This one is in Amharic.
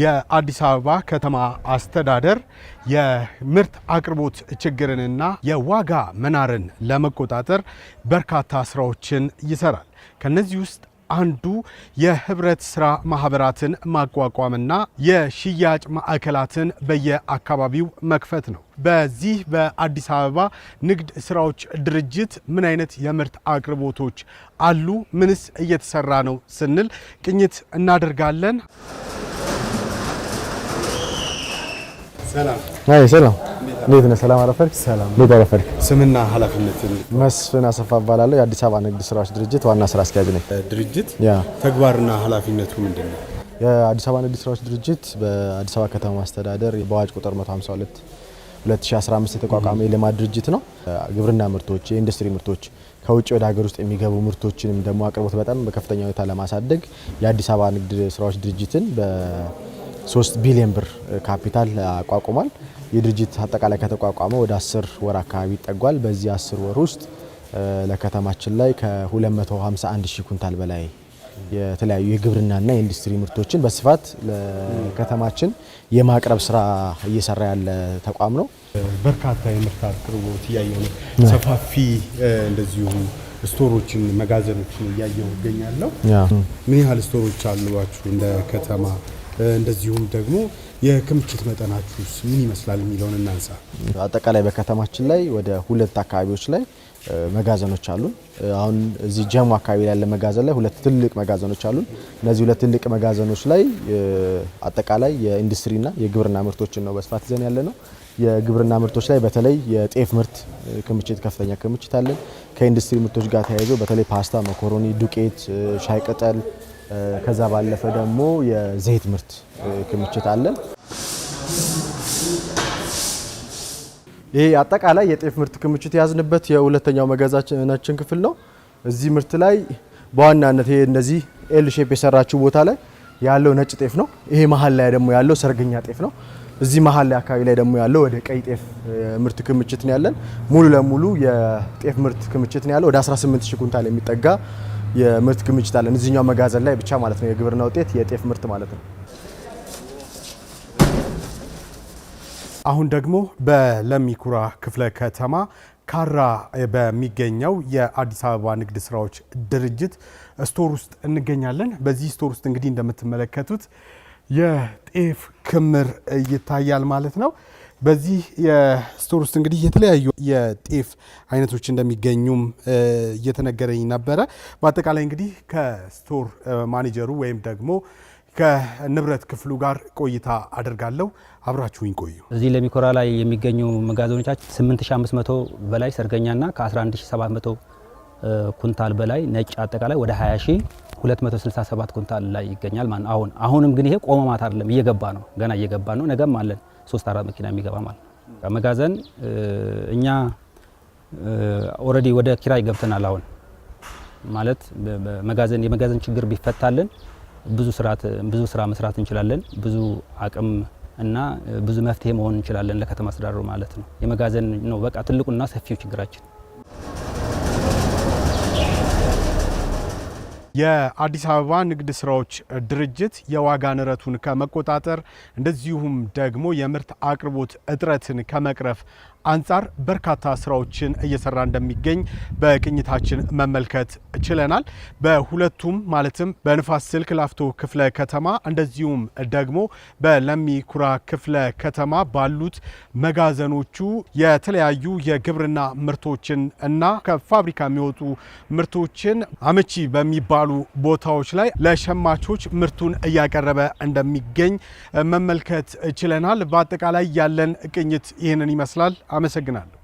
የአዲስ አበባ ከተማ አስተዳደር የምርት አቅርቦት ችግርንና የዋጋ መናርን ለመቆጣጠር በርካታ ስራዎችን ይሰራል። ከነዚህ ውስጥ አንዱ የህብረት ስራ ማህበራትን ማቋቋምና የሽያጭ ማዕከላትን በየአካባቢው መክፈት ነው። በዚህ በአዲስ አበባ ንግድ ስራዎች ድርጅት ምን አይነት የምርት አቅርቦቶች አሉ? ምንስ እየተሰራ ነው? ስንል ቅኝት እናደርጋለን። ሰላም እንዴት ነህ? ሰላም አረፈድክ? ሰላም እንዴት አረፈድክ? ስምና ኃላፊነት መስፍን አሰፋ እባላለሁ። የአዲስ አበባ ንግድ ስራዎች ድርጅት ዋና ስራ አስኪያጅ ነኝ። ድርጅት ተግባርና ኃላፊነቱ ምንድን ነው? የአዲስ አበባ ንግድ ስራዎች ድርጅት በአዲስ አበባ ከተማ አስተዳደር በአዋጅ ቁጥር 152 2015 የተቋቋመ የልማት ድርጅት ነው። ግብርና ምርቶች፣ የኢንዱስትሪ ምርቶች ከውጭ ወደ ሀገር ውስጥ የሚገቡ ምርቶችንም ደግሞ አቅርቦት በጣም በከፍተኛ ሁኔታ ለማሳደግ የአዲስ አበባ ንግድ ስራዎች ድርጅትን ሶስት ቢሊዮን ብር ካፒታል አቋቁሟል። የድርጅት አጠቃላይ ከተቋቋመ ወደ አስር ወር አካባቢ ይጠጓል። በዚህ አስር ወር ውስጥ ለከተማችን ላይ ከ251 ሺህ ኩንታል በላይ የተለያዩ የግብርናና የኢንዱስትሪ ምርቶችን በስፋት ለከተማችን የማቅረብ ስራ እየሰራ ያለ ተቋም ነው። በርካታ የምርት አቅርቦት እያየሁ ነው። ሰፋፊ እንደዚሁ ስቶሮችን፣ መጋዘኖችን እያየሁ እገኛለሁ። ምን ያህል ስቶሮች አሉ እንደ ከተማ? እንደዚሁም ደግሞ የክምችት መጠናችሁስ ምን ይመስላል የሚለውን እናንሳ። አጠቃላይ በከተማችን ላይ ወደ ሁለት አካባቢዎች ላይ መጋዘኖች አሉን። አሁን እዚህ ጀሙ አካባቢ ላይ ያለ መጋዘን ላይ ሁለት ትልቅ መጋዘኖች አሉን። እነዚህ ሁለት ትልቅ መጋዘኖች ላይ አጠቃላይ የኢንዱስትሪና የግብርና ምርቶችን ነው በስፋት ይዘን ያለ ነው። የግብርና ምርቶች ላይ በተለይ የጤፍ ምርት ክምችት ከፍተኛ ክምችት አለን። ከኢንዱስትሪ ምርቶች ጋር ተያይዞ በተለይ ፓስታ፣ መኮሮኒ፣ ዱቄት፣ ሻይ ቅጠል፣ ከዛ ባለፈ ደግሞ የዘይት ምርት ክምችት አለን። ይሄ አጠቃላይ የጤፍ ምርት ክምችት የያዝንበት የሁለተኛው መጋዘናችን ክፍል ነው። እዚህ ምርት ላይ በዋናነት ይሄ እነዚህ ኤል ሼፕ የሰራችው ቦታ ላይ ያለው ነጭ ጤፍ ነው። ይሄ መሀል ላይ ደግሞ ያለው ሰርገኛ ጤፍ ነው። እዚህ መሀል ላይ አካባቢ ላይ ደግሞ ያለው ወደ ቀይ ጤፍ ምርት ክምችት ነው ያለን። ሙሉ ለሙሉ የጤፍ ምርት ክምችት ነው ያለው ወደ 18 ሺህ ኩንታል የሚጠጋ የምርት ክምችት አለን እዚህኛው መጋዘን ላይ ብቻ ማለት ነው። የግብርና ውጤት የጤፍ ምርት ማለት ነው። አሁን ደግሞ በለሚኩራ ክፍለ ከተማ ካራ በሚገኘው የአዲስ አበባ ንግድ ስራዎች ድርጅት ስቶር ውስጥ እንገኛለን። በዚህ ስቶር ውስጥ እንግዲህ እንደምትመለከቱት የጤፍ ክምር ይታያል ማለት ነው። በዚህ የስቶር ውስጥ እንግዲህ የተለያዩ የጤፍ አይነቶች እንደሚገኙም እየተነገረኝ ነበረ። በአጠቃላይ እንግዲህ ከስቶር ማኔጀሩ ወይም ደግሞ ከንብረት ክፍሉ ጋር ቆይታ አድርጋለሁ። አብራችሁኝ ቆዩ። እዚህ ለሚኮራ ላይ የሚገኙ መጋዘኖቻችን 8500 በላይ ሰርገኛና ከ11700 ኩንታል በላይ ነጭ አጠቃላይ ወደ 20267 ኩንታል ላይ ይገኛል ማን አሁን አሁንም ግን ይሄ ቆመ ማታ አይደለም፣ እየገባ ነው፣ ገና እየገባ ነው። ነገም አለን ሶስት አራት መኪና የሚገባ ማለት ነው። መጋዘን እኛ ኦልሬዲ ወደ ኪራይ ገብተናል። አሁን ማለት መጋዘን የመጋዘን ችግር ቢፈታልን ብዙ ብዙ ስራ መስራት እንችላለን። ብዙ አቅም እና ብዙ መፍትሄ መሆን እንችላለን ለከተማ አስተዳደሩ ማለት ነው። የመጋዘን ነው በቃ ትልቁና ሰፊው ችግራችን። የአዲስ አበባ ንግድ ስራዎች ድርጅት የዋጋ ንረቱን ከመቆጣጠር እንደዚሁም ደግሞ የምርት አቅርቦት እጥረትን ከመቅረፍ አንጻር በርካታ ስራዎችን እየሰራ እንደሚገኝ በቅኝታችን መመልከት ችለናል። በሁለቱም ማለትም በንፋስ ስልክ ላፍቶ ክፍለ ከተማ እንደዚሁም ደግሞ በለሚ ኩራ ክፍለ ከተማ ባሉት መጋዘኖቹ የተለያዩ የግብርና ምርቶችን እና ከፋብሪካ የሚወጡ ምርቶችን አመቺ በሚባሉ ቦታዎች ላይ ለሸማቾች ምርቱን እያቀረበ እንደሚገኝ መመልከት ችለናል። በአጠቃላይ ያለን ቅኝት ይህንን ይመስላል። አመሰግናለሁ።